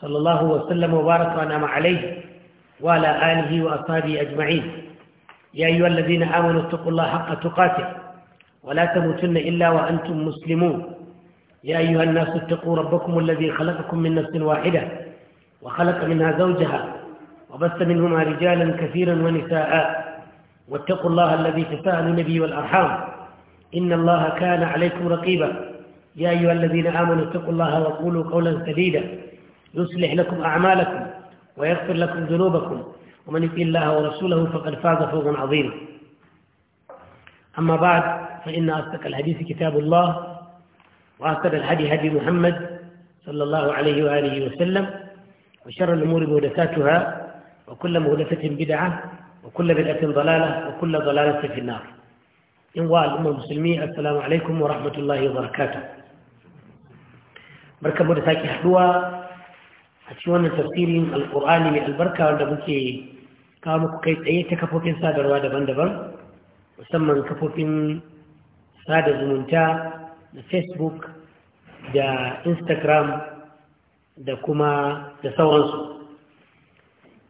صلى الله وسلم وبارك وانعم عليه وعلى آله وأصحابه أجمعين يا أيها الذين آمنوا اتقوا الله حق تقاته ولا تموتن إلا وأنتم مسلمون يا أيها الناس اتقوا ربكم الذي خلقكم من نفس واحدة وخلق منها زوجها وبث منهما رجالا كثيرا ونساء واتقوا الله الذي تساءلون به والأرحام إن الله كان عليكم رقيبا يا أيها الذين آمنوا اتقوا الله وقولوا قولا سديدا يصلح لكم أعمالكم ويغفر لكم ذنوبكم ومن يطيع الله ورسوله فقد فاز فوزا عظيما أما بعد فإن أصدق الحديث كتاب الله وأصدق الهدي هدي محمد صلى الله عليه وآله وسلم وشر الأمور مهدساتها وكل مهدسة بدعة وكل بدعة ضلالة وكل ضلالة في النار إنواء الأمة المسلمين السلام عليكم ورحمة الله وبركاته بركة مهدساتي حلوة a cikin wannan tafsirin alkur'ani mai albarka wanda muke kawo muku kai tsaye ta kafofin sadarwa daban-daban musamman kafofin sada zumunta da facebook da instagram da kuma da sauransu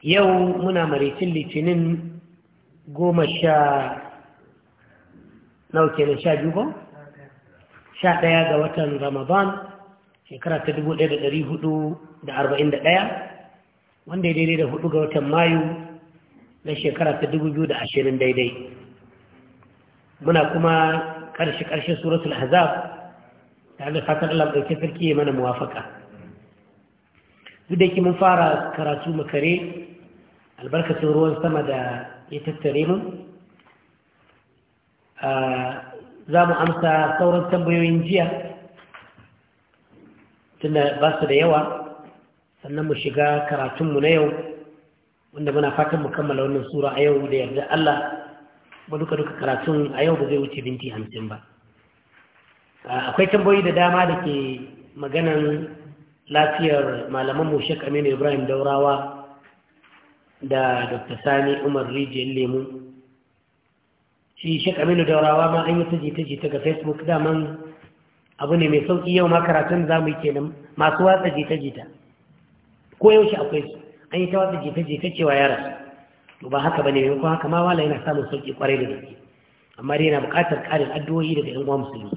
yau muna maraicin litinin goma sha nauke na sha biyu sha ɗaya ga watan ramadan shekara ta dubu ɗaya da ɗari hudu da arba'in da ɗaya wanda ya daidai da hudu ga watan mayu na shekara ta dubu biyu da ashirin daidai muna kuma ƙarshe ƙarshen suratul hazab tare da fatan allah ɗauke sarki ya mana muwafaka duk da yake mun fara karatu makare albarkacin ruwan sama da ya tattare mu za mu amsa sauran tambayoyin jiya tunda ba su da yawa sannan mu shiga karatunmu na yau wanda muna fatan mu kammala wannan sura a yau da yarda Allah ba duka duka karatun a yau ba zai wuce binti hamsin ba akwai tambayoyi da dama da ke maganan lafiyar malaman mu Sheikh Aminu Ibrahim Daurawa da Dr. Sani Umar Rijiyar Lemu shi shek aminu daurawa ma an yi ta jita-jita ga facebook daman abu ne mai sauki yau ma karatun za mu yi kenan masu watsa jita-jita ko yaushe akwai su an yi ta wata jefe-jefe cewa ya rasu to ba haka ba ne ko haka ma wala yana samun sauƙi kwarai da gaske amma dai yana buƙatar ƙarin addu'o'i daga yan uwa musulmi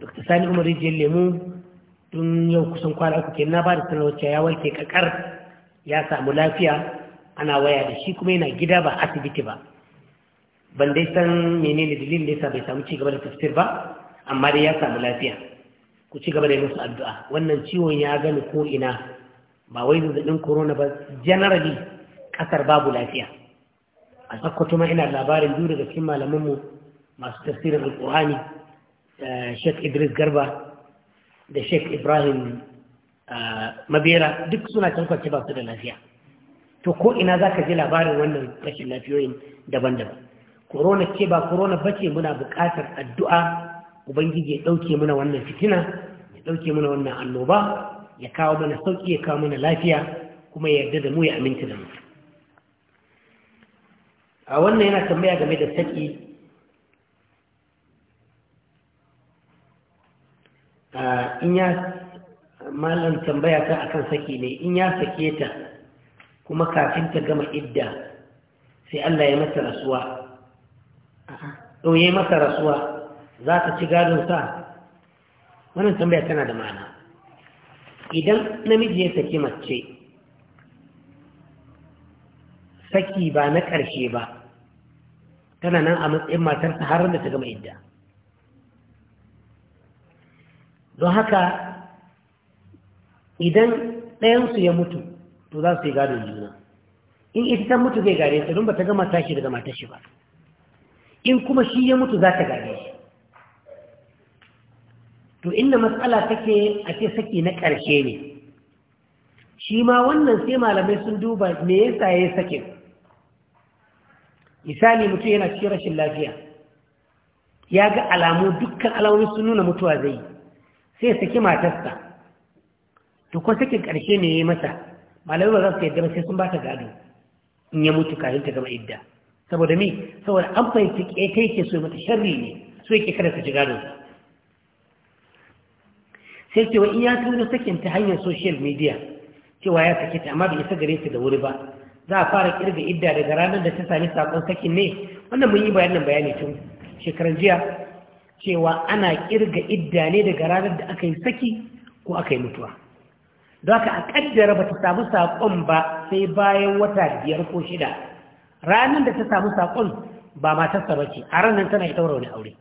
Dokta sani umar rijiyar lemu tun yau kusan kwana uku kenan na ba da sanarwar ya warke kakar ya samu lafiya ana waya da shi kuma yana gida ba asibiti ba ban dai san menene dalilin da yasa bai samu ci gaba da tafsir ba amma dai ya samu lafiya ku ci gaba da musu addu'a wannan ciwon ya gani ko ina ba wai zazzabin corona ba generally kasar babu lafiya a sakkwato ma ina labarin biyu daga cikin malamanmu masu tafsirin alkur'ani eh, sheikh idris garba da sheikh ibrahim eh, mabera duk suna can kwanci ba su da lafiya to ko ina za ka ji labarin wannan rashin lafiyoyin daban-daban korona ce ba korona ba ce muna bukatar addu'a ubangiji ya ɗauke mana wannan fitina ya ɗauke mana wannan annoba ya kawo mana sauƙi ya kawo mana lafiya kuma ya yarda da mu ya aminta da mu a wannan yana tambaya game da saƙi in ya malam tambaya ta akan saki ne in ya sake ta kuma kafin ta gama idda sai Allah ya masa rasuwa ɗauye oh, masa rasuwa za ta ci gadon sa wannan tambaya tana da ma'ana idan namiji ya saki mace saki ba na ƙarshe ba tana nan a matsayin matarsa har da ta gama idda don haka idan ɗayansu ya mutu to za su yi gadon juna in ita ta mutu zai gare ta don ba ta gama tashi daga matashi ba in kuma shi ya mutu za ta gare shi to inda matsala take a ce saki na ƙarshe ne shi ma wannan sai malamai sun duba me yasa ya yi sakin misali mutum yana cikin rashin lafiya ya ga alamu dukkan alamomi sun nuna mutuwa zai sai saki matarsa to kuma sakin ƙarshe ne ya yi masa malamai ba za su yadda ba sai sun ba ta gado in ya mutu kafin ta gama idda saboda mi saboda an fahimci ƙetai ke so mata sharri ne so yake kada ta ji gado sai cewa iya ya turo sakin ta hanyar social media cewa ya sake ta amma bai isa gare ta da wuri ba za a fara kirga idda daga ranar da ta sami sakon sakin ne wannan mun yi bayanin bayani tun shekaran jiya cewa ana kirga idda ne daga ranar da aka yi saki ko aka yi mutuwa don haka a kaddara ba ta samu sakon ba sai bayan wata biyar ko shida ranar da ta samu sakon ba matarsa ba ce a ranar tana ita wani aure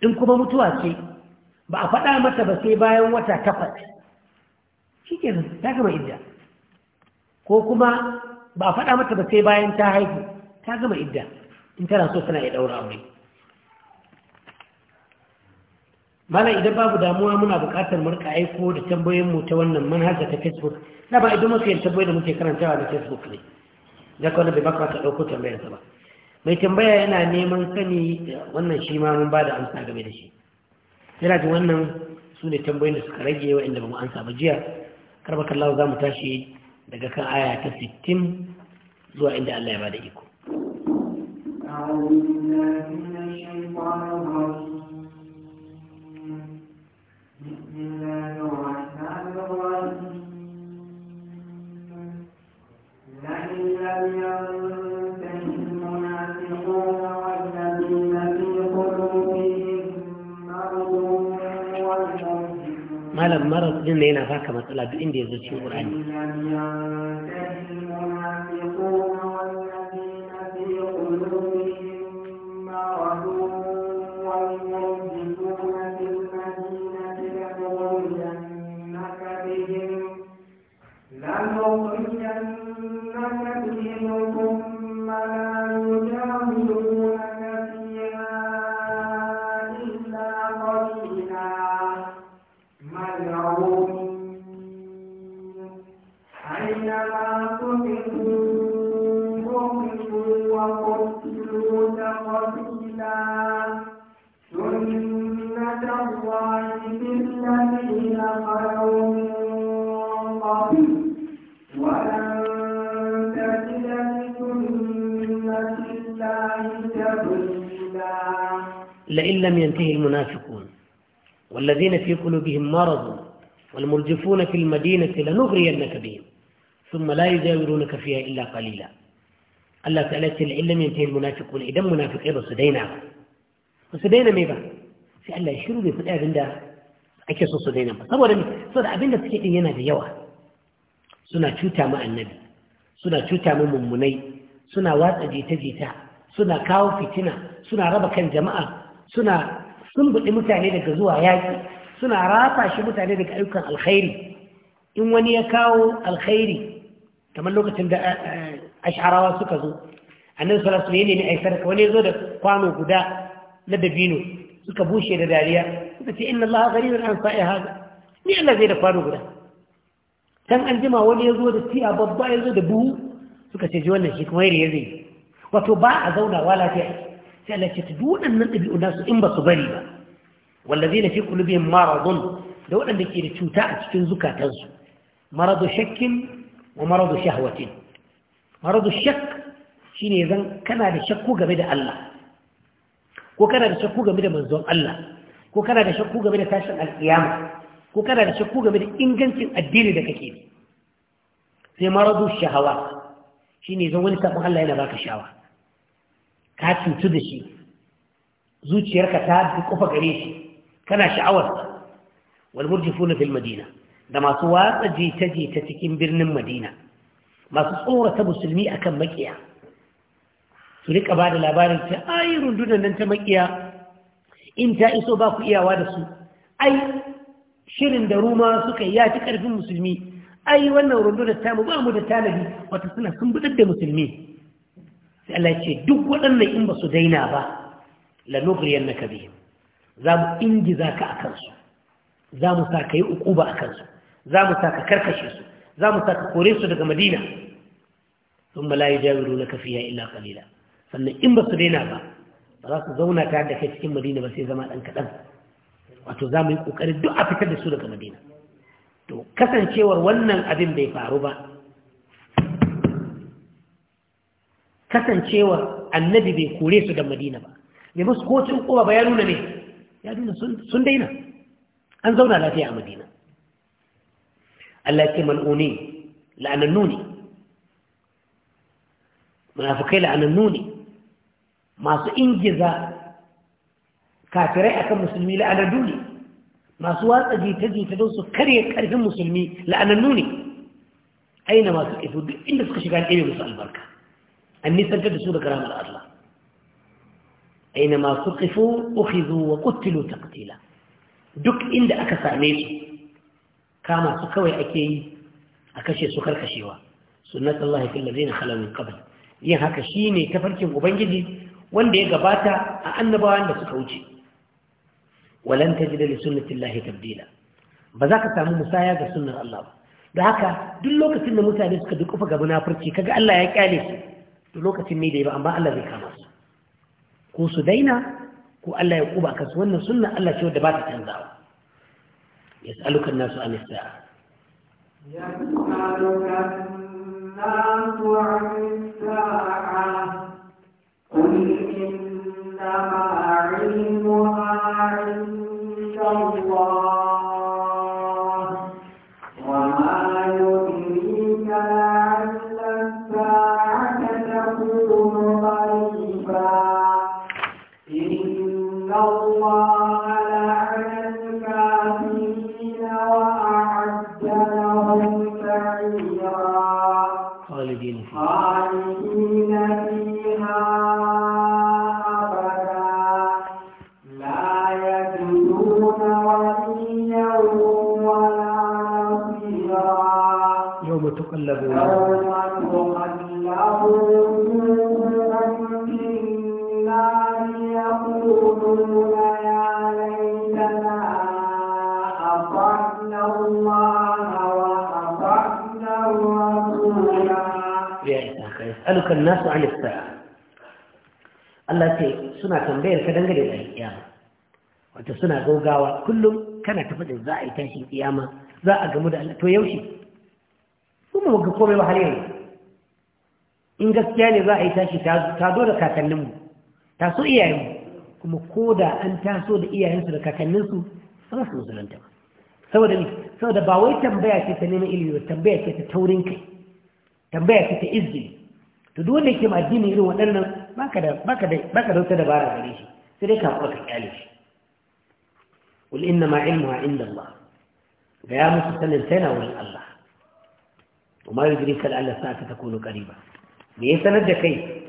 in kuma mutuwa ce ba a faɗa mata ba sai bayan wata takwas shi ke ta gama idda ko kuma ba a faɗa mata ba sai bayan ta haihu ta gama idda in tana so tana iya ɗaura aure malam idan babu damuwa muna buƙatar murka aiko da tambayoyinmu ta wannan manhaja ta facebook na ba idan mafi yin tambayoyi da muke karantawa na facebook ne da kawai bai baka ta ɗauko tambayarsa ba mai tambaya yana neman sani wannan shi ma mun ba da amsa game da shi yana jin wannan su ne tambayin da suka rage inda ba mu ansa ba jiya karba kallawa za mu tashi daga kan aya ta 60 zuwa inda Allah ya ba da iko Thank you. malam maras din ne yana baka matsala duk inda ya zo cikin لم ينتهي المنافقون والذين في قلوبهم مرض والمرجفون في المدينة لنغرينك بهم ثم لا يجاورونك فيها إلا قليلا الله تعالى إن لم ينتهي المنافقون إذا منافق إذا صدينا صدينا ميبا sai Allah ya shiru bai faɗi abin da ake so su daina ba saboda ne saboda abin da suke din yana da yawa suna cuta mu annabi suna cuta mu mummunai suna watsa jita-jita suna kawo fitina suna raba kan jama'a suna sumbuɗi mutane daga zuwa yaƙi suna rafa shi mutane daga ayyukan alkhairi in wani ya kawo alkhairi kamar lokacin da eh, asharawa suka zo annan salasu ne ne a sarka wani ya zo da kwano guda na dabino suka bushe da dariya suka ce inna allaha gharibun an sa'i hada ni Allah zai da kwano guda can an jima wani ya zo da tiya babba ya zo da buhu suka ce ji wannan shi kuma yare zai wato ba a zauna zaunawa lafiya سلتدون من أبي الناس إن بصبري والذين في قلوبهم مرض لو أن ذكر توتاء تنزك تنز مرض شك ومرض شهوة مرض الشك شين إذا كان الشك هو جمد الله وكان الشك هو جمد من زوج الله وكان الشك هو جمد تاشن القيامة وكان الشك هو جمد إنجن الدين ده كثير في مرض الشهوات شين إذا وانت الله هنا باك الشهوات ka cutu da shi zuciyarka ta kufa gare shi kana sha'awar wal murjifuna madina da masu watsa jita jita cikin birnin madina masu tsorata musulmi akan makiya su rika ba da labarin ta ai rundunar nan ta makiya in ta iso ba ku iyawa da su ai shirin da ruma suka yi ya ci karfin musulmi ai wannan rundunar ta mu, ba mu da tanadi. wata suna sun budar da musulmi sai Allah ce duk waɗannan in ba su daina ba lanugriyar na kabe za mu ingiza ka a kansu za mu sa ka yi ukuba a kansu za mu sa ka karkashe su za mu sa ka kore su daga madina sun malayi jami'u na kafiya illa kalila sannan in ba su daina ba ba za su zauna ta da kai cikin madina ba sai zama ɗan kaɗan wato za mu yi ƙoƙari duk a fitar da su daga madina to kasancewar wannan abin bai faru ba kasancewar annabi bai kore su da madina ba bai musu kocin kowa ba ya nuna ne ya nuna sun daina an zauna lafiya a madina Allah ke mal'uni la'anannu ne munafukai la'anannu ne masu ingiza kafirai akan musulmi la'anannu ne masu watsa jita-jita don su karye karfin musulmi la'anannu ne aina masu ƙifu duk inda suka shiga ɗaya musu albarka an nisantar da su da karamar Allah aina ma suqifu ukhidhu wa qutilu taqtila duk inda aka same su kama su kawai ake yi a kashe su karkashewa sunnatullahi fil ladina khala min qabl yin haka shine tafarkin ubangiji wanda ya gabata a annabawan da suka wuce walan tajida li sunnatillahi tabdila ba za ka samu musaya ga sunan Allah ba da haka duk lokacin da mutane suka dukufa ga munafurci kaga Allah ya kyale su lokacin ne da ya ba amma Allah zai kama su ko su daina ko Allah ya kuba kansu wannan sunna Allah ce wanda ba ta canzawa yas'aluka an-nasu an as-sa'a yas'aluka an-nasu an as-sa'a qul innama 'ilmuha 'inda Allah Alukan 'an as-sa'a Allah ce suna tambayar ka dangane da kiyama wato suna gaugawa kullum kana ta faɗin za a yi tashin kiyama za a gamu da Allah to yaushe kuma ga komai ba har in gaskiya ne za a yi tashi ta zo da kakanninmu ta so mu. kuma ko da an taso da iyayensu da kakannin su, za su musulunta ba saboda ni, saboda ba wai tambaya ce ta neman ilimi ba tambaya ce ta taurin kai tambaya ce ta izini to duk wanda yake ma addini irin waɗannan baka da baka da baka da wata dabara gare shi sai dai ka ka kyale shi qul inna ma ilmuha inda Allah ga ya musu sanin tana wurin Allah وما يدريك لعل الساعة تكون قريبة بيسند كي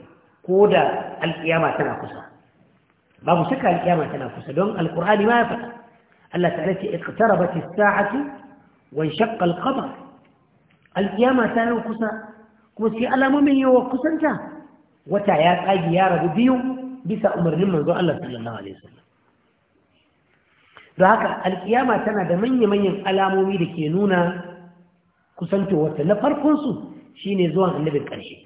كودا القيامة تناقصها باب شكا القيامة تناقصها دون القرآن ما يفعل الله تعالى اقتربت الساعة وانشق القمر القيامة تناقصها kuma sai alamomin yawa kusanta wata ya tsagi ya rabu biyu bisa umarnin manzo Allah sallallahu alaihi wasallam don haka alkiyama tana da manya-manyan alamomi da ke nuna kusantowarta na farkonsu shine zuwan annabin ƙarshe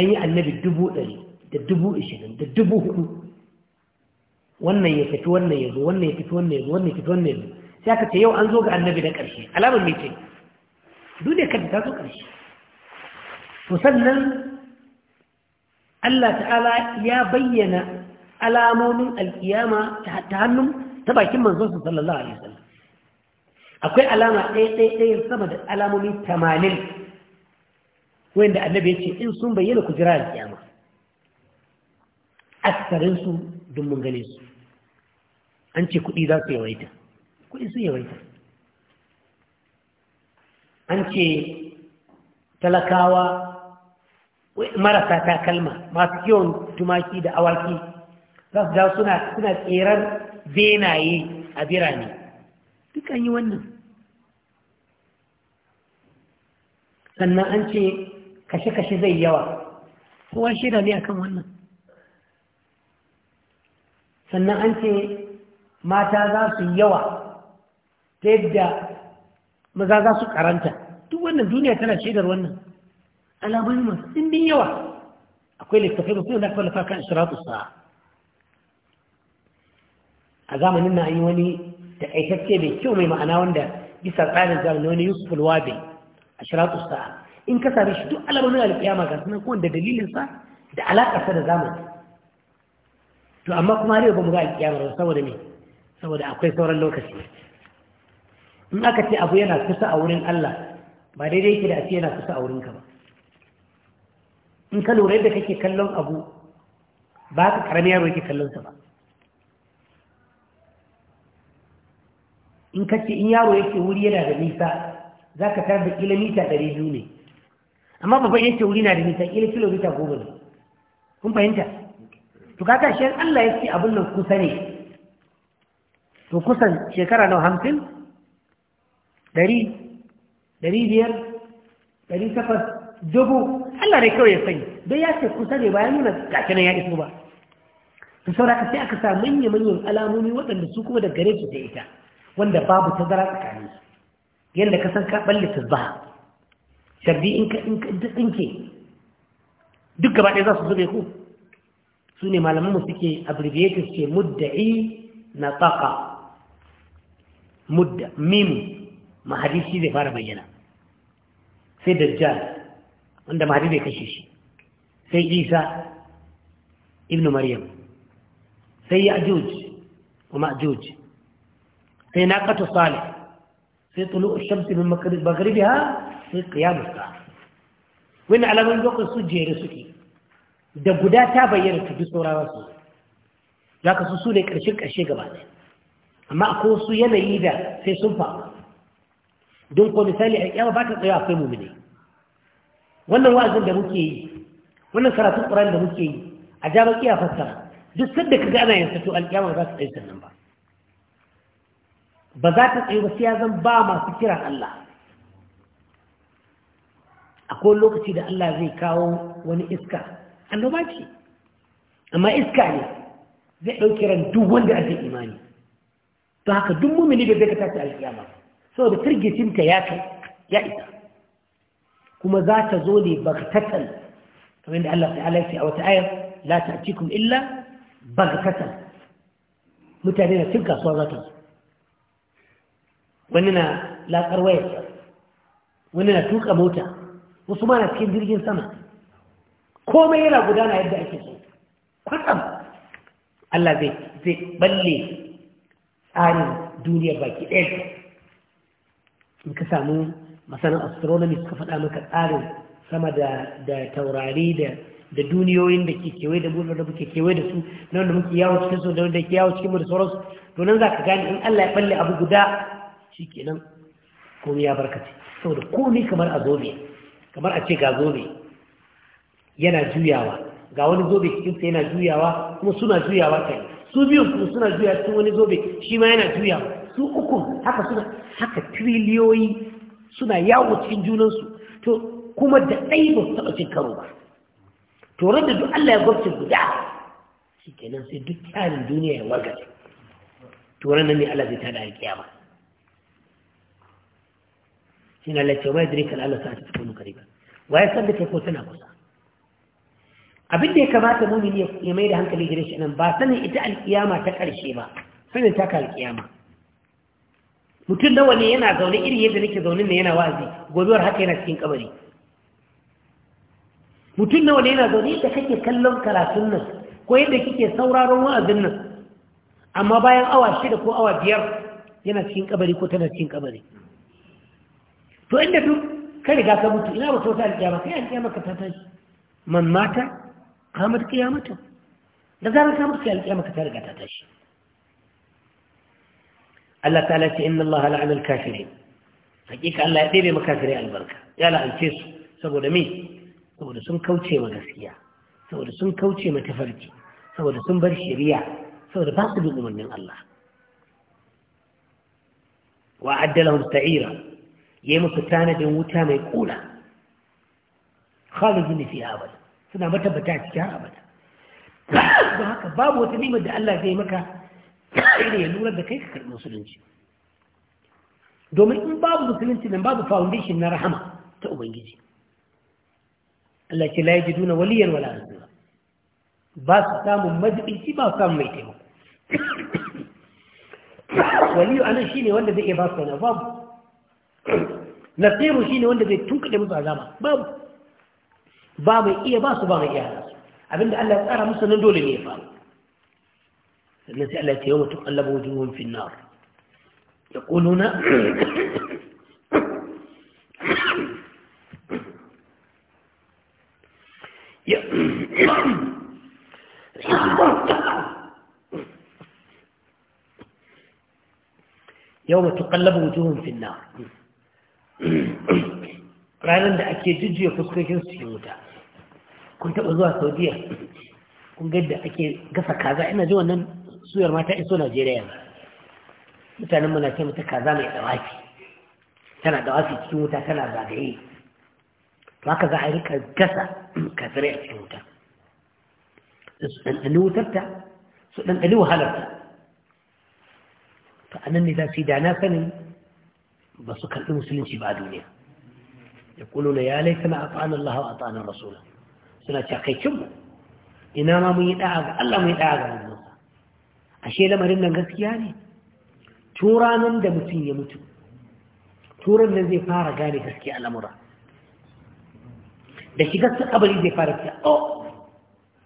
an yi annabi dubu ɗari da dubu ishirin da dubu hudu wannan ya fito wannan ya zo wannan ya fito wannan ya zo wannan ya fito wannan ya zo sai aka ce yau an zo ga annabi na ƙarshe alamar mai ce duk da kanta ta zo ƙarshe to sannan Allah ta'ala ya bayyana alamomin alkiyama ta hannun ta bakin manzonsa sallallahu alaihi wasallam akwai alama ɗaya ɗaya sama da alamomi tamanin wanda annabi ya ce in sun bayyana ku jira alkiyama aksarinsu dun mun gane su an ce kuɗi za su yawaita kuɗi su yawaita an ce talakawa marasa takalma masu kiwon tumaki da awaki za su dawo suna tseren benaye a birane dukkan yi wannan sannan an ce kashe-kashe zai yawa kowa shida ne akan wannan sannan an ce mata za su yawa ta yadda maza za su karanta duk wannan duniya tana shaidar wannan alamai masu ɗimbin yawa akwai littafai mutum da kwallafa kan shiratu sa'a a zamanin na yi wani da taƙaitacce mai kyau mai ma'ana wanda bisa tsarin zamani wani yusuf alwabe a shiratu sa'a in ka same shi duk alamomin alƙiyama ga sunan kowanne da dalilinsa da alaƙarsa da zamani to amma kuma har yau ba mu ga alƙiyamar ba saboda me saboda akwai sauran lokaci in aka ce abu yana kusa a wurin Allah ba daidai yake da a ce yana kusa a wurinka ba in ka lura yadda kake kallon abu ba ka karami yaro yake kallon sa ba in ka ce in yaro yake wuri yana da nisa za ka tarar da kilomita ɗari biyu ne amma babban yake wuri na da nisa kila kilomita goma ne kun fahimta to kaka shi Allah ya ce abin nan kusa ne to kusan shekara nawa hamsin ɗari ɗari biyar ɗari takwas dubu Allah ne kawai ya sani dai ya ce kusa ne bayan nuna gashi nan ya iso ba to saboda ka sai aka sa manya manyan alamomi waɗanda su kuma da gare su da ita wanda babu tazara tsakanin su yadda ka san ka balle tazbaha sharbi in ka in ka tsinke duk gaba ɗaya za su zube ku su ne malaman mu suke abbreviated ce mudda'i na tsaka mudda mimu mahadisi zai fara bayyana sai da dajjal wanda mahadi bai kashe shi sai isa ibnu maryam sai ya'juj wa ma'juj sai na kato sale sai tulu shamsi shams min ha, sai qiyam as-sa'a wannan alaman dokar su jere suke da guda ta bayyana ta bi saurawa su za ka su su ne ƙarshen ƙarshe gaba ne amma akwai su yanayi da sai sun fa don ko misali a kyawa ba ta tsaye akwai mummune wannan wa'azin da muke yi wannan karatun ƙuran da muke yi a ja baki a fassara duk sadda ka ana yin sato alƙiyama za su tsaye nan ba ba za ta tsaye ba sai ya zan ba masu kira Allah A kowane lokaci da Allah zai kawo wani iska annoba ce amma iska ne zai ɗauki ran duk wanda ake imani ta haka duk mummuni da zai ka tafi alƙiyama. saboda firgicinta ya kai ya isa kuma za ta zo ne bagtatan kamar da Allah ta'ala ya ce a wata ayar la ta'tikum illa bagtatan mutane na cin kasuwa za ta zo wani na latsar wayar wani na tuka mota wasu ma na cikin jirgin sama komai yana gudana yadda ake so kwatsam Allah zai balle tsarin duniyar baki ɗaya in ka samu masanin astronomy suka faɗa maka tsarin sama da taurari da duniyoyin da ke kewaye da buɗe da muke kewaye da su na wanda muke yawo cikin su da wanda ke yawo cikin mu da sauransu to nan za ka gani in Allah ya balle abu guda shi kenan Komi ya barkace saboda komi kamar a zobe kamar a ce ga zobe yana juyawa ga wani zobe cikin sa yana juyawa kuma suna juyawa kai su biyu kuma suna juyawa cikin wani zobe shi ma yana juyawa su uku haka suna haka triliyoyi suna yawo cikin junansu to kuma da ɗai ba su taɓa cin karo ba to da duk Allah ya gwabce guda shi kenan sai duk tsarin duniya ya wargaje to ranar ne Allah zai tada a kiyama shi na lafiya ma ya dire kan Allah sa'a ta cikin kare ba wa ya san da kai ko tana kusa abin da ya kamata mumini ya mai da hankali gare shi nan ba sanin ita alkiyama ta ƙarshe ba sanin ta ka alkiyama mutum da wani yana zaune iri yadda nake zaune ne yana wa'azi gobewar haka yana cikin kabari mutum da wani yana zaune yadda kake kallon karatun nan ko yadda kike sauraron wa'azin nan amma bayan awa shida ko awa biyar yana cikin kabari ko tana cikin kabari to inda duk ka riga ka mutu ina ba ta wata alƙiyama kai alƙiyama ka ta tashi man mata kamar kiyamata da zarar ka mutu kai alƙiyama ka ta riga ta tashi الله تعالى إن الله لعن الكافرين حقيقة الله يأتي مكافرين البركة يا لا أنتس سبود مين سبود سن كوتشي مغسيا سبود سن كوتشي متفرجي سبود سن برشريا سبود باقل أمن من الله وأعد لهم سعيرا يمو ستانة وطا خالد خالدين فيها أبدا سنة متبتاتك أبدا بهاك باب وتنيمة الله زي مكافر sai da ya lura da kai ka karɓi musulunci domin in babu musulunci nan babu foundation na rahama ta ubangiji Allah ce la yajiduna waliyan wala nasira ba su samun majibici ba su samun mai taimako waliyu anan shine wanda zai iya ba su wani babu nasiru shine wanda zai tunkuɗe musu azaba babu ba mai iya ba su ba mai iya abinda Allah ya tsara musu nan dole ne ya faru التي التي يوم تقلب وجوههم في النار يقول هنا يوم تقلب وجوههم في النار قال عندما أكي جج يفكر جنسي يموتا كنت أزوى سعودية كنت قد أكي قفك هذا إنا suyar ma ta iso Najeriya ne mutanen mu na ce mata kaza mai dawafi tana dawafi cikin wuta tana zagaye to haka za a rika gasa kafirai a cikin wuta su ɗanɗani wutarta su ɗanɗani wahalarta to a nan ne za su yi da na sanin ba su karɓi musulunci ba a duniya ya kulu na ya laifi na ata'an Allah wa ata'an Rasula suna cakaicin mu ina ma mun yi ɗa'a ga Allah mun yi ɗa'a ga ashe lamarin nan gaskiya ne nan da mutum ya mutu turan nan zai fara gane gaskiya al'amura da shiga su kabari zai fara fiya o oh,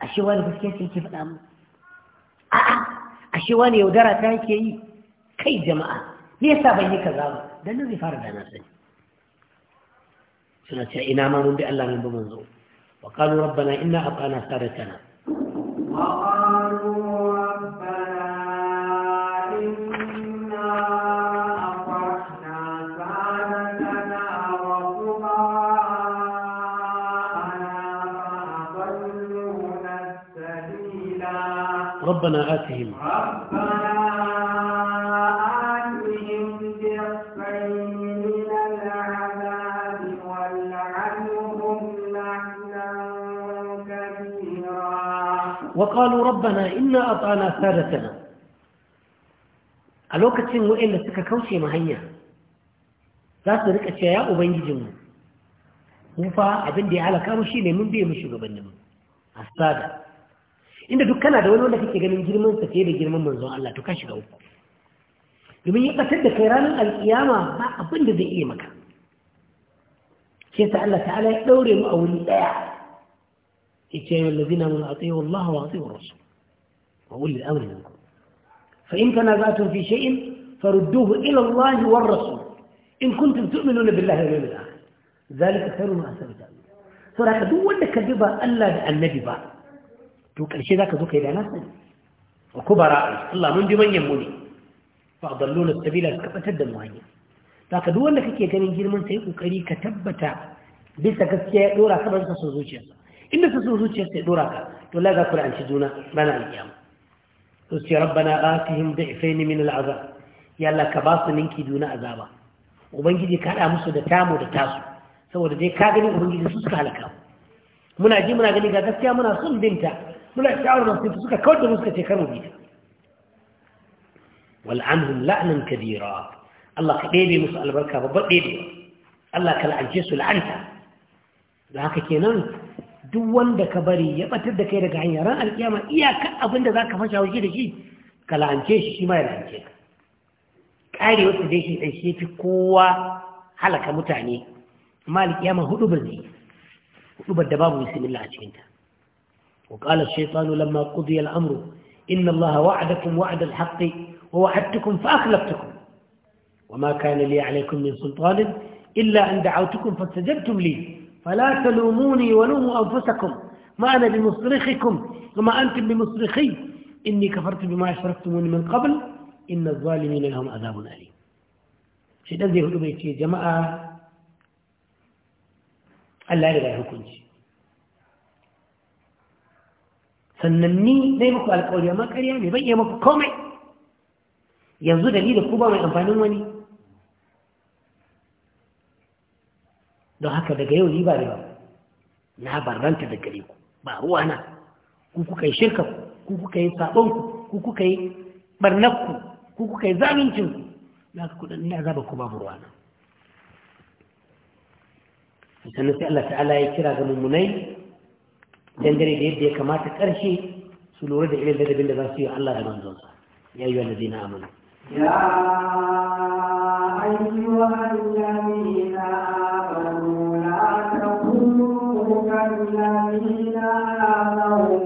ashe wani gaskiya ce ke faɗa mu a'a ashe wani yaudara ta yake yi kai jama'a me yasa ban yi ka za mu, dan nan zai fara gana sani suna cewa ina ma mun bi Allah mun bi manzo wa qalu rabbana inna atana sadatana wa ربنا آتهم وقالوا ربنا إنا أطعنا سادتنا a lokacin wa'inda suka kauce ma hanya za su rika ce ya ubangijinmu mu fa abin da ya halaka mu shine mun biye mu shugabanninmu asada inda duk kana da wani wanda kake ganin girman sa fiye da girman manzo Allah to ka shiga uku domin ya batar da kai ranar alkiyama ba abin da zai iya maka sai Allah ta'ala ya daure mu a wuri daya yace ya allazina mun atiyu Allah wa atiyu rasul wa qul li amri minkum fa in kana zatu fi shay'in farudduhu ila Allah wa rasul in kuntum tu'minuna billahi wal yawmil akhir zalika khairun wa asbata saboda duk wanda ka bi ba Allah da annabi ba to ƙarshe za ka zo yi da nasu a kubara Allah mun bi manyan mu ne ba a ballo na sabila suka ɓatar da mu hanya za ka duk wanda kake ganin girman sai ƙoƙari ka tabbata bisa gaskiya ya ɗora ka ba su son inda su son zuciyarsa ya ɗora ka to la za ku ra'anci juna ranar alƙiyama to sai rabbana atihim da'ifaini min al'azab ya Allah ka ba su ninki juna azaba ubangiji ka haɗa musu da tamu da tasu saboda dai ka gani ubangiji su suka halaka muna ji muna gani ga gaskiya muna son binta suna sha'awar suka kawar da suka ce karo bita wal'anhum la'anan kabira Allah ka ɗebe musu albarka babbar ɗebe Allah ka la'ance su la'anta da haka kenan duk wanda ka bari ya batar da kai daga hanyar ran alkiyama iyakar abin da za ka fasha wuce da shi ka la'ance shi shi ma ya la'ance ka ƙare wasu dai shi ɗan shi fi kowa halaka mutane amma alkiyama hudu ba zai hudu da babu bismillah a cikinta وقال الشيطان لما قضي الأمر إن الله وعدكم وعد الحق ووعدتكم فأخلفتكم وما كان لي عليكم من سلطان إلا أن دعوتكم فاستجبتم لي فلا تلوموني ولوموا أنفسكم ما أنا بمصرخكم وما أنتم بمصرخي إني كفرت بما أشركتمون من قبل إن الظالمين لهم عذاب أليم شيء ذي هدو بيتي جماعة الله لا riga hukunci sannan ni yi muku alkawari amma ƙarya mai ban muku komai yanzu da ni da ku mai amfanin wani don haka daga yau ni riba na barranta da gare ku ba ruwa na ku kuka yi shirka ku kuka yi sabon ku kuka yi barnakku ku kuka yi zamincinku na ka kudin ina zaba ku babu ruwa na sannan sai Allah ta'ala ya kira ga mummunai dangane da yadda ya kamata ƙarshe su lura da irin ladabin da za su yi Allah da manzonsa ya yi wanda zina amana. Ya ayyuhar lamina amanu la takunu kan lamina amanu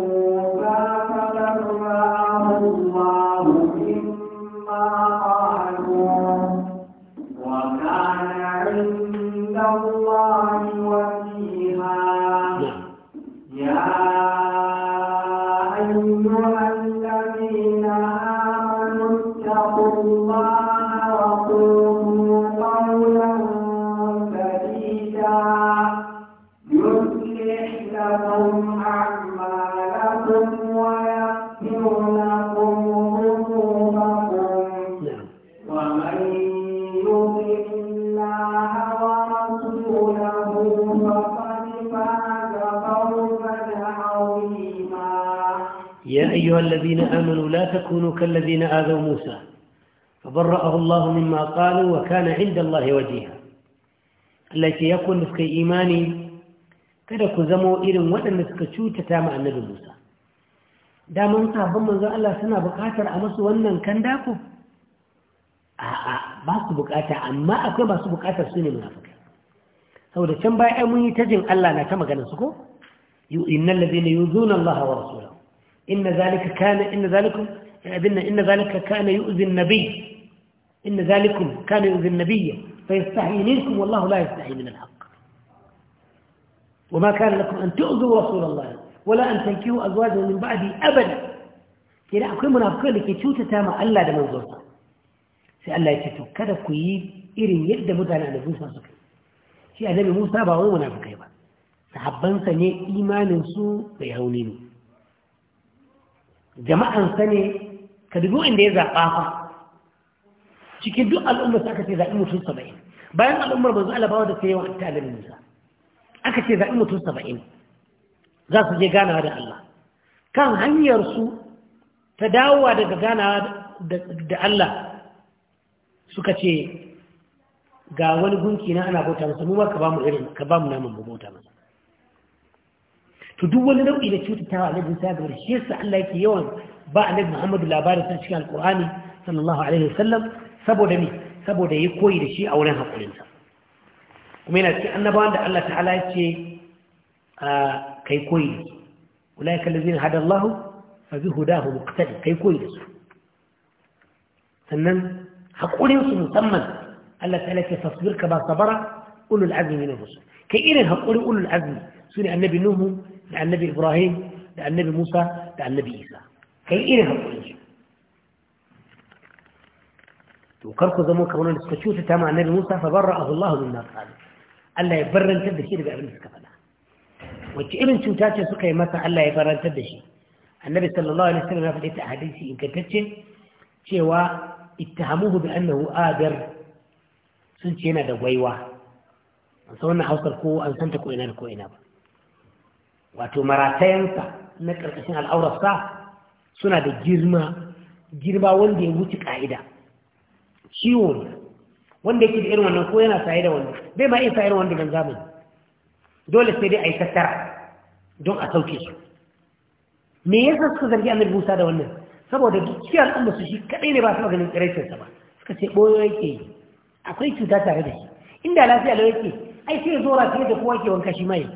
ba fa Allah مما قالوا وكان عند الله وجيها التي يكون نسكي إيماني kada ku zamo irin waɗanda suka cutata ma annabi Musa daman sabon manzo Allah suna buƙatar a masu wannan kan kandako a'a ba su buƙata amma akwai masu buƙatar su ne munafikai saboda can baya mun yi tajin Allah na ta magana su ko innal ladina yuzuna Allah wa rasulahu inna zalika kana inna zalikum abinna inna zalika kana yu'zi an-nabiy إن ذلكم كان يؤذي النبي فيستحي منكم والله لا يستحي من الحق وما كان لكم أن تؤذوا رسول الله ولا أن تنكيوا أزواجه من بعده أبدا كلا أكوين منافقين لكي تشوت تاما ألا دم الزرطة سألا يتشوت كذا كويب إرين يدى مدانا عن نفوس نفسك شيء أنا بموسى بعضهم منافقين sahabban sane imanin su bai haune ne jama'an sane ka dubu inda cikin duk al'ummar aka ce zaɓi mutum saba'in bayan al'ummar banzu alabawa da ta a talibin nisa aka ce zaɓi mutum saba'in za su je ganawa da Allah kan hanyarsu ta dawowa daga ganawa da Allah suka ce ga wani gunki na ana bauta masa mu ma ka ba mu irin ka ba mu naman mu bauta masa to duk wani nau'i da cutatawa annabi Musa ga shi yasa Allah yake yawan ba annabi Muhammadu labarin sun cikin Alqur'ani sallallahu alaihi wasallam saboda me saboda ya koyi da shi a wurin haƙurinsa kuma yana cikin annabawan da Allah ta'ala ya ce kai koyi da su ulai kallazin hada Allah fa bi kai koyi da su sannan haƙurinsu musamman Allah ta'ala ke fasbir ka ba sabara ulul azmi na rusul kai irin haƙurin ulul azmi sune annabi nuhu da annabi ibrahim da annabi musa da annabi isa kai irin haƙurinsu to kar ku zama kamar da suka cuta ta ma'anar Musa fa barra'ahu Allah mimma qalu Allah ya barrantar da shi daga abin da suka faɗa wacce irin cuta ce suka yi masa Allah ya barantar da shi annabi sallallahu alaihi wasallam ya faɗi ta hadisi ingantacce cewa ittahamuhu bi annahu adar sun ce yana da gwaiwa an san wannan hausar ko an santa ko ina da ko ina ba wato maratayansa na karkashin al'aurarsa suna da girma girma wanda ya wuce ka'ida ciwo ne wanda yake da irin wannan ko yana saye da wannan bai ma iya sa irin wanda zamani dole sai dai a yi tattara don a sauke su me yasa suka zargi annabi Musa da wannan saboda dukiyar al'umma su shi kadai ne ba su ganin sa ba suka ce boyo yake yi akwai cuta tare da shi inda lafiya lau yake ai sai zo sai da kowa ke wanka shi mai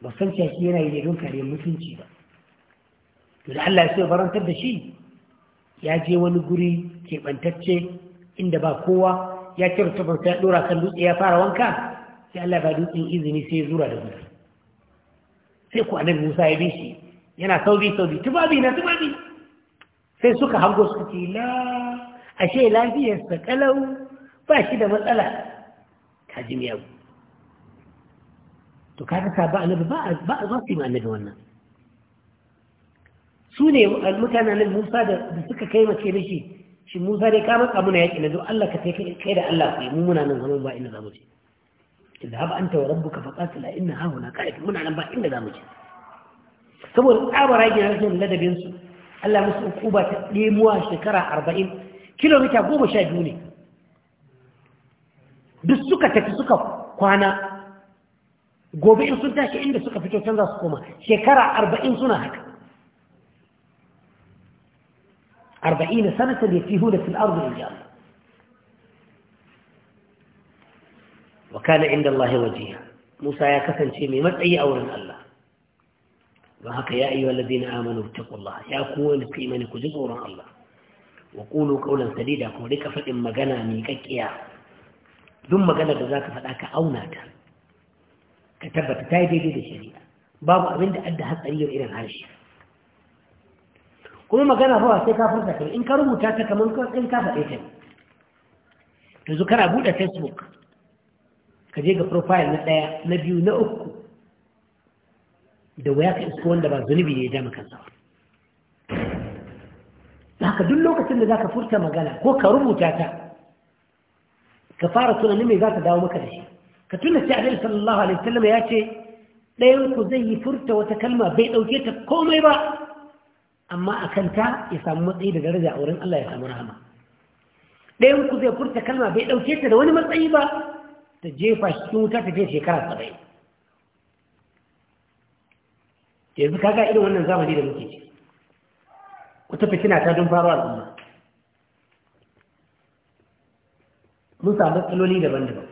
ba san cewa shi yana yi ne don kare mutunci ba to da Allah ya so barantar da shi ya je wani guri keɓantacce inda ba kowa ya cire tafarta ya ɗora kan dutse ya fara wanka sai Allah ba dutsen izini sai zura da gudu sai ku annabi Musa ya bi shi yana sauri sauri tubabi na tubabi sai suka hango suka ce la ashe lafiyar sa kalau ba shi da matsala kaji miyagu to kaga ka ba annabi ba ba za su yi annabi wannan su ne mutanen nan musa da suka kai mace da shi shi musa dai kamar abu na yaƙi na zo allah ka kai da allah kai mu muna nan zaman ba inda za mu je inda haɓa an tawarar buka faƙasila ina hahu na ƙa'id muna nan ba inda za mu je saboda tsabara gina rashin ladabinsu allah musu ukuba ta ɗemuwa shekara arba'in kilomita goma sha biyu ne duk suka tafi suka kwana gobe in sun tashi inda suka fito can za su koma shekara arba'in suna haka أربعين سنة يتيهون في الأرض إن شاء الله وكان عند الله وجيها موسى يا كثن شيمي مدعي أولا الله وهك يا أيها الذين آمنوا اتقوا الله يا في منك جزورا الله وقولوا قولا سديدا كوريك فإما قنا ميكك يا ثم مغانا بذاك فلاك أوناك كتبت تايدي دي شريعة بابا أبند أدى هات إلى العرش kuma magana bawa sai ka furta kai in ka rubuta ta kamar in ka faɗe ta yanzu kana buɗe facebook ka je ga profile na ɗaya na biyu na uku da waya ka isko wanda ba zunubi ne ya dama kansa da haka duk lokacin da za ka furta magana ko ka rubuta ta ka fara tunani mai za ka dawo maka da shi ka tuna ce alaihi sallallahu alaihi wasallam ya ce ɗayan ku zai yi furta wata kalma bai ɗauke ta komai ba amma a kanta ya samu matsayi da daraja a wurin Allah ya samu rahama ɗayan ku zai furta kalma bai ɗauke ta da wani matsayi ba ta jefa shi cikin wuta ta je shekara saba'in yanzu kaga irin wannan zamani da muke ciki wata fitina ta dun faro al'umma mun samu matsaloli daban-daban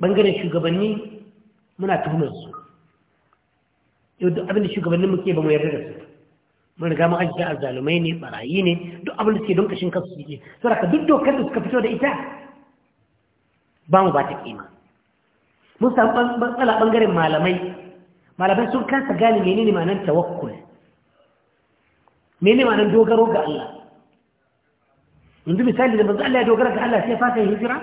ɓangaren shugabanni muna tuhumar su yau duk abinda shugabannin muke ba mu yarda da su mun riga mun ajiye azzalumai ne barayi ne duk abin da suke don kashin kansu suke saboda duk dokar da suka fito da ita ba mu ba ta kima mun samu matsala bangaren malamai malamai sun kasa gane menene ma'anar tawakkul menene ma'anar dogaro ga Allah yanzu misali da manzo Allah ya dogara ga Allah sai fata hijira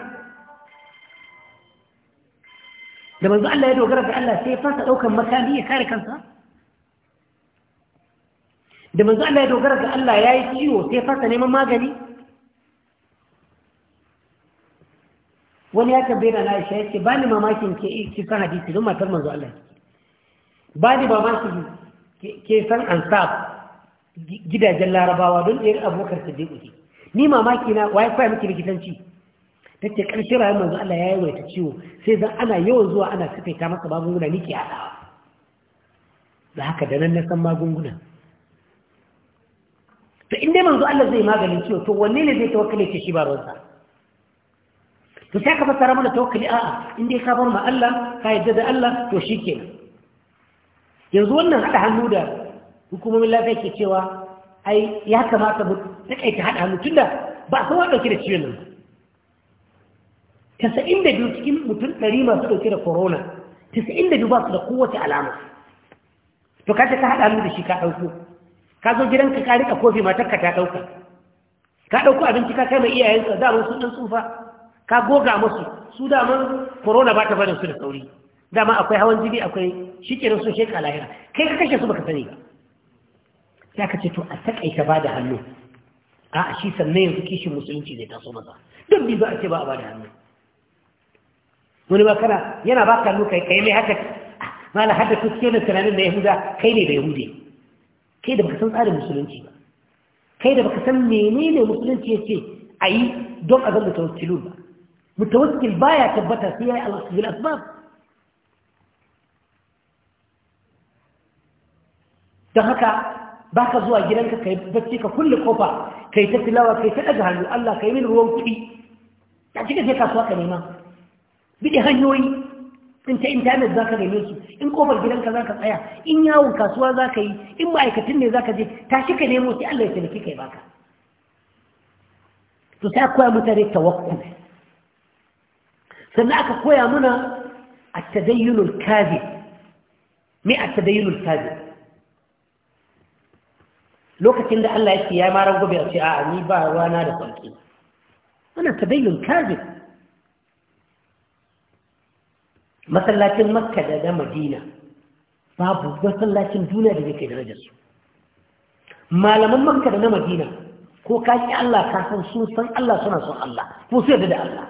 da manzo Allah ya dogara ga Allah sai fata daukan makami ya kare kansa da manzo Allah ya dogara ga Allah ya yi ciwo sai fasa neman magani wani ya tambaye da Aisha ya ce ba ni mamakin ke ki san hadisi don matar manzo Allah ba ni mamakin ke san ansab gidajen larabawa don ɗayar abokar ta dai ni mamaki na ya kwaya miki likitanci ta ce ƙarshe rayuwar manzo Allah ya yi ta ciwo sai zan ana yawan zuwa ana sifaita masa magunguna ni ke haɗawa da haka da nan na san magunguna to in dai manzo Allah zai maganin ciwo to wanne ne zai tawakkale ce shi ba ruwansa to sai ka fassara mana tawakkali a'a in dai ka bar ma Allah ka yadda da Allah to shi shikenan yanzu wannan hada hannu da hukumomin lafiya ke cewa ai ya kamata mu takaita hada hannu tunda ba a kowa dauke da ciwon nan tasa'in da biyu cikin mutum ɗari masu ɗauke da corona tasa'in da biyu ba su da kowace alama to kace ka haɗa hannu da shi ka ɗauko ka zo gidanka ka rika kofi matarka ta ɗauka ka ɗauko abinci ka kai mai iyayensa daman su dan tsufa ka goga musu su daman korona ba ta barin su da sauri dama akwai hawan jini akwai shikirin sun sheka lahira kai ka kashe su baka sani ba sai ka ce to a takaita ba da hannu a shi sannan yanzu kishin musulunci zai taso maza don bi za a ce ba a ba da hannu wani ba kana yana ba ka hannu kai kai mai haka mana hada da tunanin da yahuda kai ne da yahudi kai da baka san tsarin musulunci ba kai da baka san menene musulunci yace ayi don a zama tawakkilun ba mutawakkil baya tabbata sai yayi Allah bil asbab dan haka baka zuwa gidanka kai bacci ka kulle kofa kai ta tilawa kai ta daga hannu Allah kai min ruwan kuɗi ta kika ka kasuwa ka nema bidi hanyoyi in ta intanet za ka neme su in kofar gidanka za ka tsaya in yawon kasuwa za ka yi in ma'aikatan ne za ka je ta shi ka nemo sai Allah ya taimaki kai baka to sai koya mutane tawakkul sannan aka koya muna kazi الكاذب a tadayyunul kazi lokacin da Allah ya ce ya ma gobe a ce a'a ni ba ruwana da sarki wannan tadayyun kazi masallacin makka da na madina babu masallacin duniya da zai kai darajarsu malaman makka da na madina ko kaƙi Allah ka sun san Allah suna son Allah ko su yarda da Allah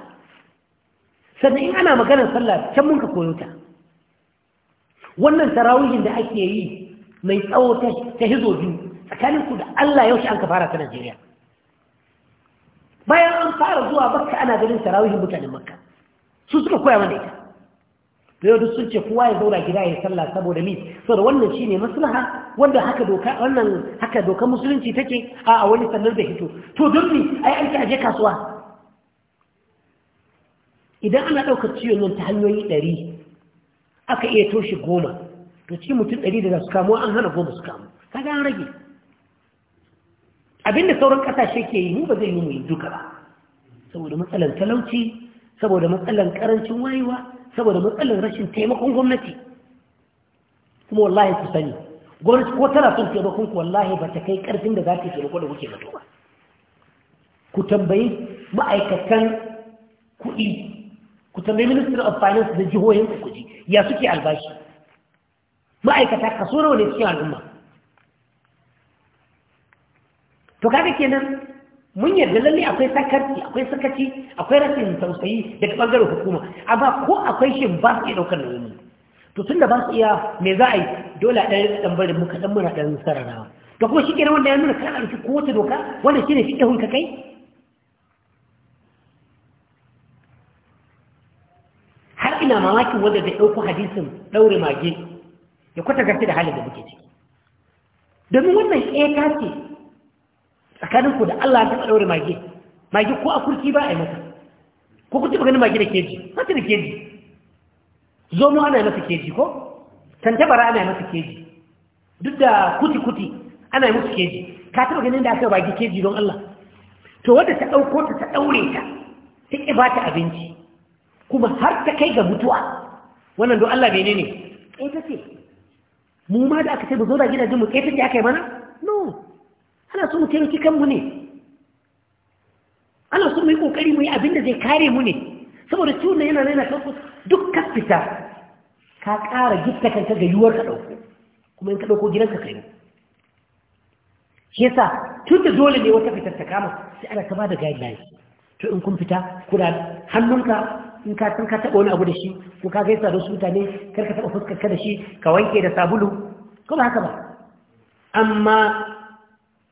sannan in ana maganar sallah can mun ka koyo ta wannan tarawihin da ake yi mai tsawo ta hizo biyu tsakanin ku da Allah yaushe an ka fara ta Najeriya bayan an fara zuwa makka ana ganin tarawihin mutanen makka su suka koya mana ita da yau sun ce kowa ya zauna gida ya sallah saboda mi saboda wannan shine maslaha wanda haka doka wannan haka doka musulunci take a a wani sannar da hito to don ni ai an aje kasuwa idan ana daukar ciwon nan ta hanyoyi ɗari aka iya toshe goma to ci mutum ɗari da su kamo an hana goma su kamo kaga an rage abinda sauran ƙasashe ke yi mu ba zai yi mu yi duka ba saboda matsalar talauci saboda matsalar karancin wayewa saboda matsalar rashin taimakon gwamnati kuma wallahi ku sani gwamnati ko tana son taimakon ku wallahi ba ta kai karfin da za ta taimako da kuke zato ba ku tambayi ma'aikatan kuɗi ku tambayi ministry of finance da jihohin kuɗi ya suke albashi ma'aikata kaso nawa ne cikin al'umma to kaga kenan mun yarda lalle akwai sakarci akwai sakaci akwai rashin tausayi daga bangaren hukuma amma ko akwai shin ba su iya daukar nauyi to da ba su iya me za a yi dole a ɗan ɗan bari muka ɗan muna ɗan sararawa to kuma shi kenan wanda ya nuna kana ɗauki kowace doka wanda shi ne shi ɗahun ka kai har ina mamakin wanda zai ɗauko hadisin ɗaure mage ya kwata garta da halin da muke ciki domin wannan ƙeta ce tsakaninku da Allah ta ɗaure mage mage ko a kurki ba a yi mata ko kun taɓa gani mage da keji mata da keji Zo mu ana yi masa keji ko tantabara ana yi masa keji duk da kuti-kuti ana yi masa keji ka taɓa ganin da aka yi mage keji don Allah to wadda ta ɗauko ta ta ɗaure ta ta ƙi ba ta abinci kuma har ta kai ga mutuwa wannan don Allah bai ne ne ita ce mu ma da aka ce ba zo da gidajen mu ƙetare aka yi mana no ana so mu taimaki kanmu ne ana so mu yi kokari mu yi abin da zai kare mu ne saboda ciwon yana raina kanku duk ka fita ka ƙara gifta kanka ga yiwuwar ka ɗauko kuma in ka ɗauko gidanka kai mu shi yasa tun da dole ne wata fitar ta kama sai ana ta bada da guidelines to in kun fita kuna hannunka in ka san ka taɓa wani abu da shi ko ka gaisa da wasu mutane kar ka taɓa fuskar ka da shi ka wanke da sabulu ko ba haka ba amma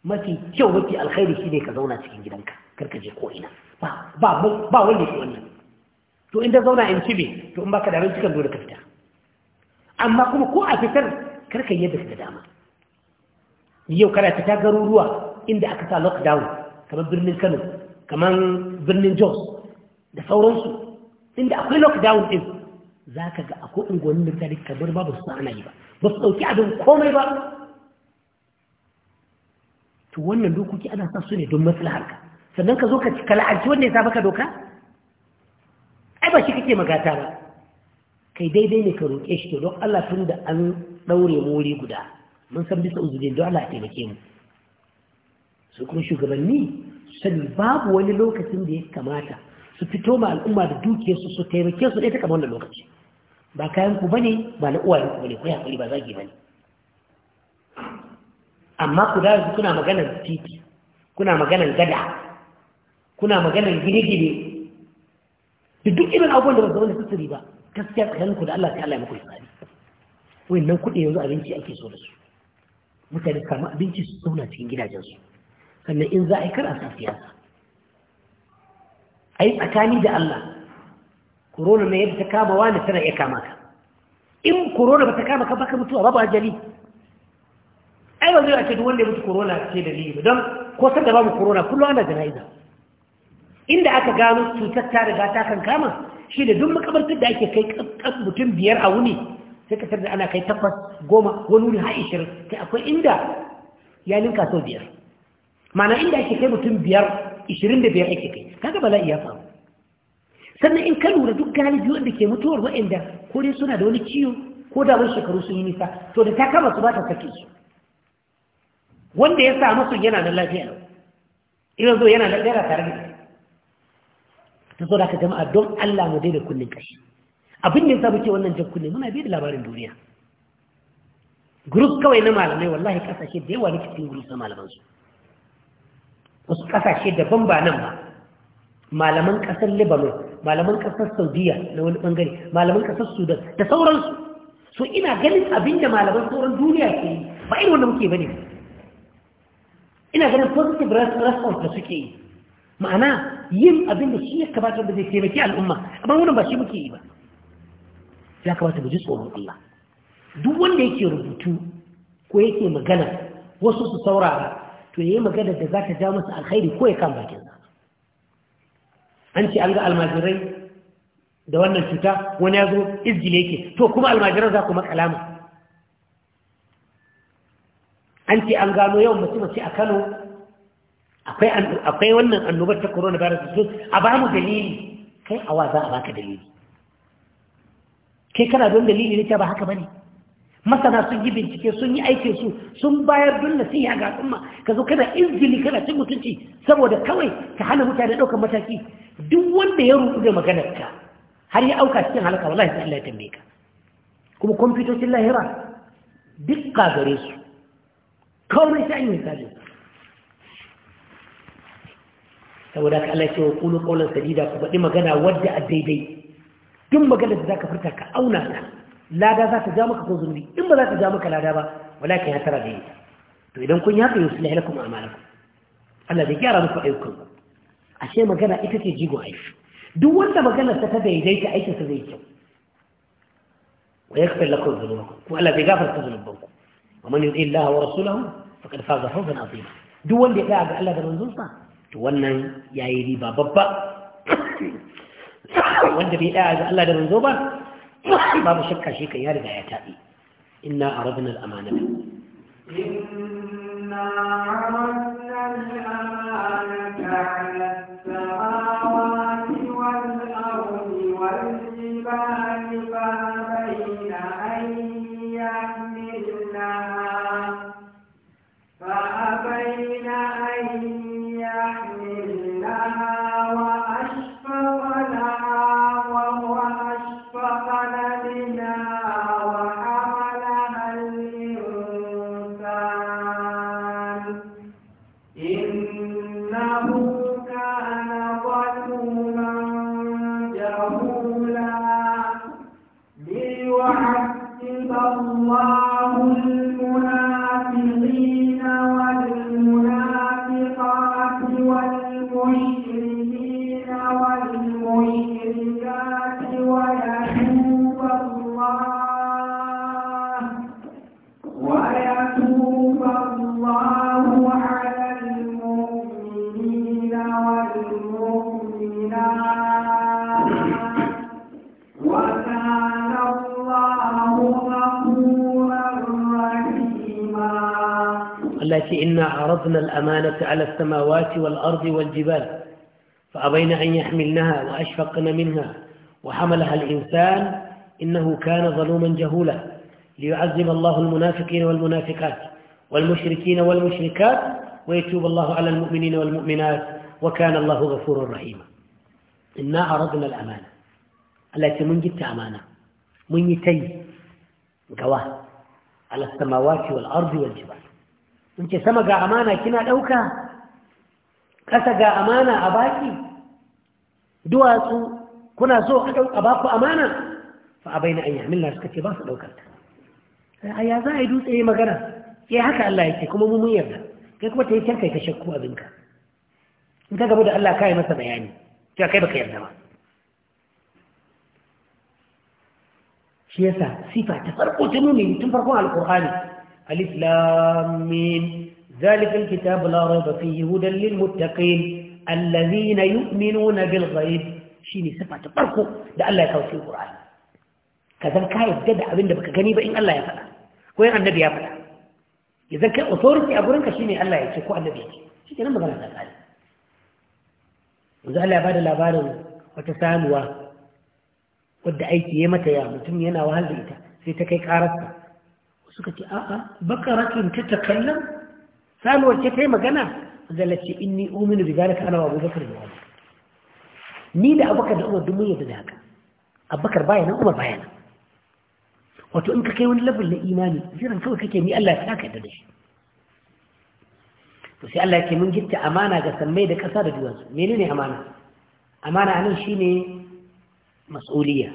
mafi kyau mafi alkhairi shine ka zauna cikin gidanka kar ka je ko'ina. ina ba ba wanda ke wannan to inda zauna in cibe to in baka da ran cikin dole ka fita amma kuma ko a fitar kar yi yadda da dama yau kana fita garuruwa inda aka sa lockdown kamar birnin Kano kamar birnin Jos da sauransu inda akwai lockdown din zaka ga akwai unguwannin da kamar babu su ana yi ba ba su dauki abin komai ba to wannan dokoki ana sa su ne don maslahar ka sannan ka zo ka ci kala'arci wanda ya sa ka doka ai ba shi kake magata ba kai daidai ne ka roƙe shi to don Allah tun da an ɗaure mu wuri guda mun san bisa uzurin don Allah taimake mu su kuma shugabanni sani babu wani lokacin da ya kamata su fito ma al'umma da dukiyarsu su taimake su ɗaya ta kamar wannan lokaci ba kayan ku bane ba na uwayen ku bane ko ya ba zagi bane amma ku da kuna maganar titi kuna maganar gada kuna maganar gine-gine da duk irin abubuwan da ba zama da suturi ba gaskiya tsakanin ku da Allah ta Allah ya muku tsari nan kuɗi yanzu abinci ake so da su mutane kama abinci su zauna cikin gidajensu sannan in za a yi kar a sa siyasa a yi tsakani da Allah korona na yadda ta kama wani tana iya kama ka in korona ba ta kama ka baka mutuwa babu ajali ai ba zai a ce duk wanda ya mutu corona ce da ba don kosar da babu corona kullum ana jana'iza inda aka gano cutar ta riga ta kan kama shi da duk makabartar da ake kai mutum biyar a wuni sai kasar da ana kai takwas goma wani wuni har ishirin sai akwai inda ya ninka sau biyar mana inda ake kai mutum biyar ishirin da biyar ake kai kaga Bala iya faru sannan in ka lura duk galibi wanda ke mutuwar waɗanda ko dai suna da wani ciwo ko da wani shekaru sun yi nisa to da ta kama su ba ta sake su wanda ya sa masu yana da lafiya ina zo yana da ɗaya tare da ta zo da ka jama'a don Allah mu daina kullum kashi abin da ya sa muke wannan jan kullum muna bi da labarin duniya group kawai na malamai wallahi kasashe da yawa ne cikin group na malaman su wasu kasashe daban ba nan ba malaman kasar Lebanon malaman kasar Saudiya na wani bangare malaman kasar Sudan da sauransu so ina ganin abinda malaman sauran duniya ke yi ba irin wanda muke bane ina ganin positive response da suke yi ma'ana yin abin da shi ya kamata da zai taimaki al'umma amma wannan ba shi muke yi ba ya kamata mu ji tsoron Allah duk wanda yake rubutu ko yake magana wasu su saurara to yayi magana da za ja masa alkhairi ko ya kan bakin sa an ce an ga almajirai da wannan cuta wani ya zo izgile yake to kuma almajiran za ku makalama an ce an gano yawan mace-mace a Kano akwai wannan annobar ta da so a ba mu dalili kai awa za a baka dalili kai kana don dalili ne ta ba haka bane masana sun yi bincike sun yi aikin su sun bayar don nasiya ga al'umma ka zo kana izini kana cin mutunci saboda kawai ka hana mutane ɗaukar mataki duk wanda ya rubu da maganar ka har ya auka cikin halaka wallahi sai Allah ya tambaye ka kuma kwamfutocin lahira duk gare su komai sai an yi hisabi saboda ka Allah ya ce wa kulu qawlan sadida ku faɗi magana wadda a daidai duk maganar da zaka furta ka auna ta lada za ta ja maka ko zunubi in ba za ta ja maka lada ba walakin ya tara da ita to idan kun yaka yuslih lakum a'malakum Allah zai gyara muku ayyukan ku ashe magana ita ce jigo aiki duk wanda maganar ta ta daidaita aikin sa zai kyau wa yaghfir lakum dhunubakum ku Allah zai gafarta dhunubanku ومن يطيع الله ورسوله فقد فاز فوزا عظيما duk wanda ya ga Allah da manzonsa to wannan yayi riba babba wanda bai ga Allah da manzo ba babu shakka shi kai ya riga ya tabi inna aradna al inna aradna al التي إنا عرضنا الأمانة على السماوات والأرض والجبال فأبين أن يحملنها وأشفقن منها وحملها الإنسان إنه كان ظلوما جهولا ليعزم الله المنافقين والمنافقات والمشركين والمشركات ويتوب الله على المؤمنين والمؤمنات وكان الله غفور رحيما إنا عرضنا الأمانة التي من جدت أمانة من يتي على السماوات والأرض والجبال in ce sama ga amana kina ɗauka ƙasa ga amana a baki duwatsu kuna so a baku amana fa a bayan ayyami millar suka ce ba su ɗaukar ta a ya za a yi dutse yi magana ya eh, haka Allah ya ce kuma mun yarda kai kuma ta yi can kai ta shakku abinka in ka gaba da Allah ka yi masa bayani cewa kai baka yarda ba shi yasa sifa ta farko ta nuni tun farkon alkur'ani alif lam kitabu la rayba fihi hudan lil muttaqin allazina yu'minuna bil ghaib shine farko da Allah ya kawo cikin Qur'ani kazan ka yadda da abin da baka gani ba in Allah ya faɗa ko in annabi ya faɗa yanzu kai authority a gurinka shine Allah ya ce ko annabi ya ce shi kenan magana yanzu labarin wata sanuwa wadda aiki ya mata ya mutum yana wahal da ita sai ta kai kararsa suka ce a'a bakaratun ta takallam samuwar ce ta yi magana zalace inni umini da zalika ana wa abubakar da wani ni da abubakar da umar duk mun yadda da haka abubakar baya nan umar baya nan wato in ka kai wani level na imani jiran kawai kake ni Allah ya saka yadda da shi to sai Allah ya ke mun gitta amana ga sammai da ƙasa da mene menene amana amana anan shine mas'uliyya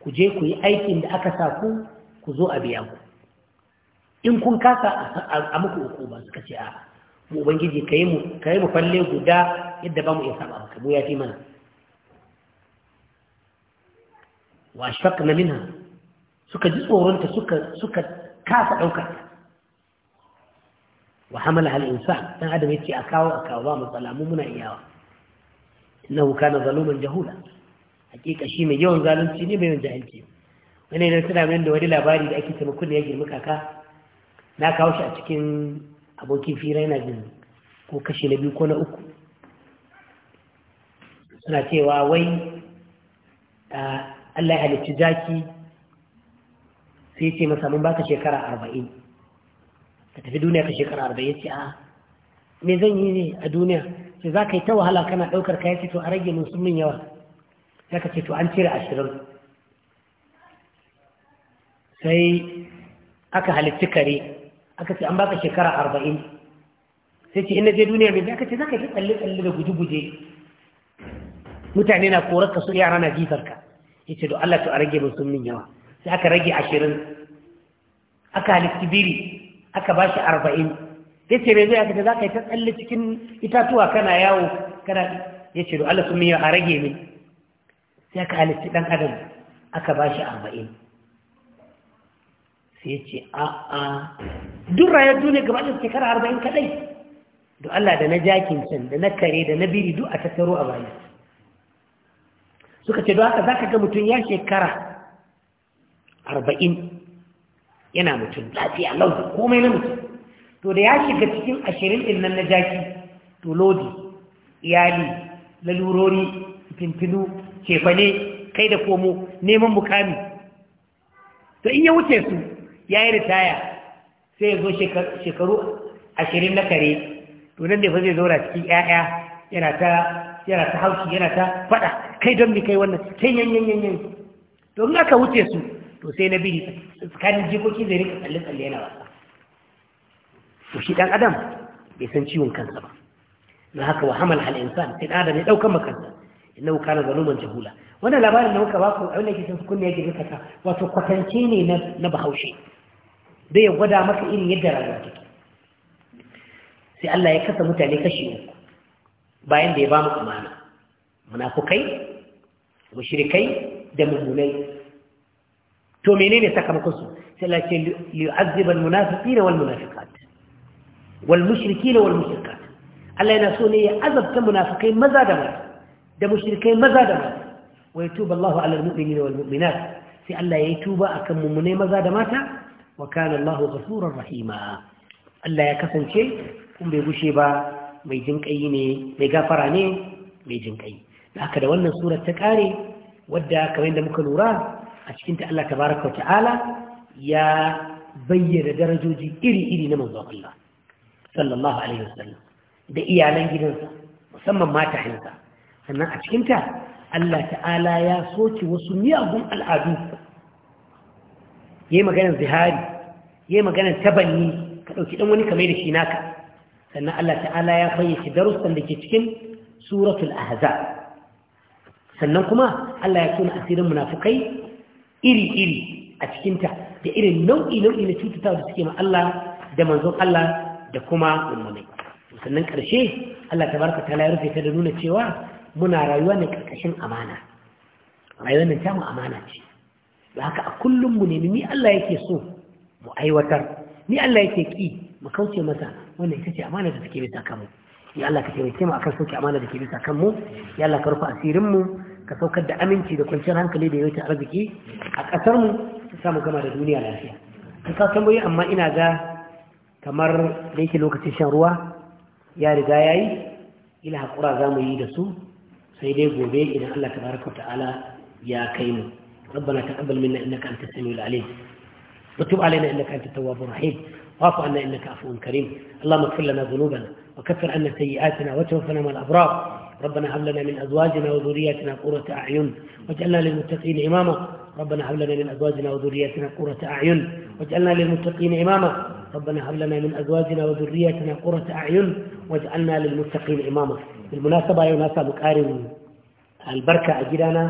ku je ku yi aikin da aka sa ku ku zo a biya ku in kun kasa a muku uku ba suka ce a mu ubangiji ka yi mu falle guda yadda ba mu iya saba maka mu ya fi mana wa na minha suka ji tsoronta suka suka kasa ɗaukar ta wa hamala hal insan dan adam yace a kawo a kawo ba matsala mu muna iyawa innahu kana zaluman jahula hakika shi mai yawan zalunci ne mai yawan jahilci wani nan suna mai da wani labari da ake taimakon da ya girma kaka na kawo shi a cikin abokin fira yana jin ko kashe na biyu ko na uku suna cewa wai Allah ya halicci zaki sai ce masa mun baka shekara arba'in ka tafi duniya ka shekara arba'in ce a me zan yi ne a duniya sai za ka yi ta wahala kana ɗaukar kayan ce to a rage mun yawa za ka ce to an cire ashirin sai aka halitti kare aka ce an baka shekara arba'in sai ce ina je duniya mai aka ce zaka ji tsalle-tsalle da guje-guje mutane na korar ka su yara na jifar ka ya ce do Allah to a rage musu min yawa sai aka rage ashirin aka halitti biri aka ba shi arba'in ya ce mai zai aka ce za ka yi ta tsalle cikin itatuwa kana yawo kana ya ce do Allah sun min yawa a rage min sai aka halitti ɗan adam aka ba shi arba'in sai ya ce a'a duk rayar ne gaba ɗin shekara arba'in kaɗai duk Allah da na jakin can da na kare da na biri duk a tattaro a baya suka ce don haka za ka ga mutum ya shekara arba'in yana mutum lafiya lau komai na mutum to da ya shiga cikin ashirin ɗin nan na jaki to lodi iyali lalurori fintinu cefane kai da komo neman mukami to in ya wuce su ya yi ritaya sai ya zo shekaru ashirin na kare to nan da fa zai zaura cikin 'ya'ya yana ta yana ta hauki yana ta faɗa kai don mi kai wannan kai yanyan yanyan to in aka wuce su to sai na biri tsakanin jikoki zai rika tsalle tsalle yana wasa to shi dan adam bai san ciwon kansa ba na haka wa hamal hal insan sai dan adam ya daukan makansa innahu na zaluman jahula wannan labarin da muka baku a wannan kisan kunne yake duka ta wato kwatance ne na bahaushe da ya gwada maka irin yadda rayuwa take sai Allah ya kasa mutane kashi uku bayan da ya ba mu amana munafukai mushrikai da mummunai to menene sakamakon su sai Allah ce li'azziba al-munafiqina wal munafiqat wal mushrikina wal mushrikat Allah yana so ne ya azabta munafukai maza da mata da mushrikai maza da mata wa yatuba Allahu 'ala al-mu'minina wal mu'minat sai Allah ya yi tuba akan mummunai maza da mata wa kana Allahu ghafurur rahima Allah ya kasance kun bai gushe ba mai jinƙai ne mai gafara ne mai jinƙai da haka da wannan surar ta kare wadda kamar yadda muka lura a cikin ta Allah tabaraka ta'ala ya bayyana darajoji iri-iri na manzon Allah sallallahu alaihi wasallam da iyalan gidansa musamman mata hanka sannan a cikin ta Allah ta'ala ya soke wasu miyagun al'adu yi maganar zihari yi maganar tabanni ka ɗauki ɗan wani kamar da shi naka sannan Allah ta'ala ya fayyace darussan da ke cikin suratul ahza sannan kuma Allah ya tona asirin munafukai iri-iri a cikinta da irin nau'i-nau'i na cutata da suke ma Allah da manzon Allah da kuma ummanai sannan ƙarshe Allah ta baraka ta rufe ta da nuna cewa muna rayuwa ne ƙarƙashin amana rayuwar nan tamu amana ce da haka a kullum mu nemi ni Allah yake so mu aiwatar ni Allah yake ki mu kauce masa wannan ita ce amana da take bisa kanmu ya Allah ka taimake mu akan sauke amana da ke bisa kanmu ya Allah ka rufe asirin mu ka saukar da aminci da kwanciyar hankali da yawancin arziki a kasar mu ta samu gama da duniya lafiya ka ka tambayi amma ina ga kamar da yake lokacin shan ruwa ya riga yayi ila hakura za mu yi da su sai dai gobe idan Allah tabaraka ta'ala ya kai mu ربنا تقبل منا إنك أنت السميع العليم وتب علينا إنك أنت التواب الرحيم واعف عنا إنك عفو كريم اللهم اغفر لنا ذنوبنا وكفر عنا سيئاتنا وتوفنا مع الأبرار ربنا هب لنا من أزواجنا وذرياتنا قرة أعين واجعلنا للمتقين إماما ربنا هب لنا من أزواجنا وذرياتنا قرة أعين واجعلنا للمتقين إماما ربنا هب لنا من أزواجنا وذرياتنا قرة أعين واجعلنا للمتقين إماما بالمناسبة يا أبو كارم البركة أجدنا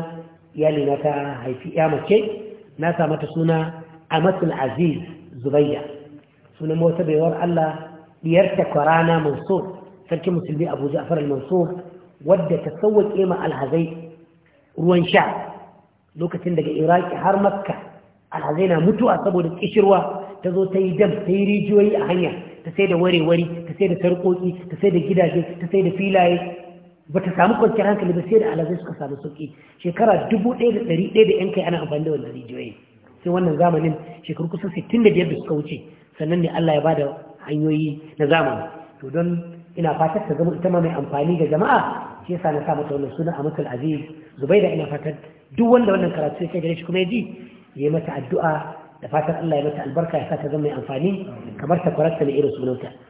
iyali na ta haifi ya mace na sa mata suna amatul aziz zubayya sunan wata baiwar Allah diyarta kwarana mansur sarki musulmi abu ja'far al-mansur wadda ta sauwake ma alhazai ruwan sha lokacin daga iraki har makka alhazai na mutuwa saboda kishirwa ta zo ta yi dam ta yi rijiyoyi a hanya ta sai da warewari ta sai da sarƙoƙi ta sai da gidaje ta sai da filaye ba ta samu kwanciyar hankali ba sai da alazai suka samu sauki shekara ɗaya da yan kai ana amfani da wannan rijiyoyi sai wannan zamanin shekaru kusan 65 da suka wuce sannan ne Allah ya ba da hanyoyi na zamani to don ina fatar ta zama ita ma mai amfani ga jama'a shi yasa na sa mata wannan suna a mutul aziz zubaida ina fatar duk wanda wannan karatu ya kai gare shi kuma ya ji ya mata addu'a da fatar Allah ya mata albarka ya sa ta zama mai amfani kamar ta kwararta ne irin sunanta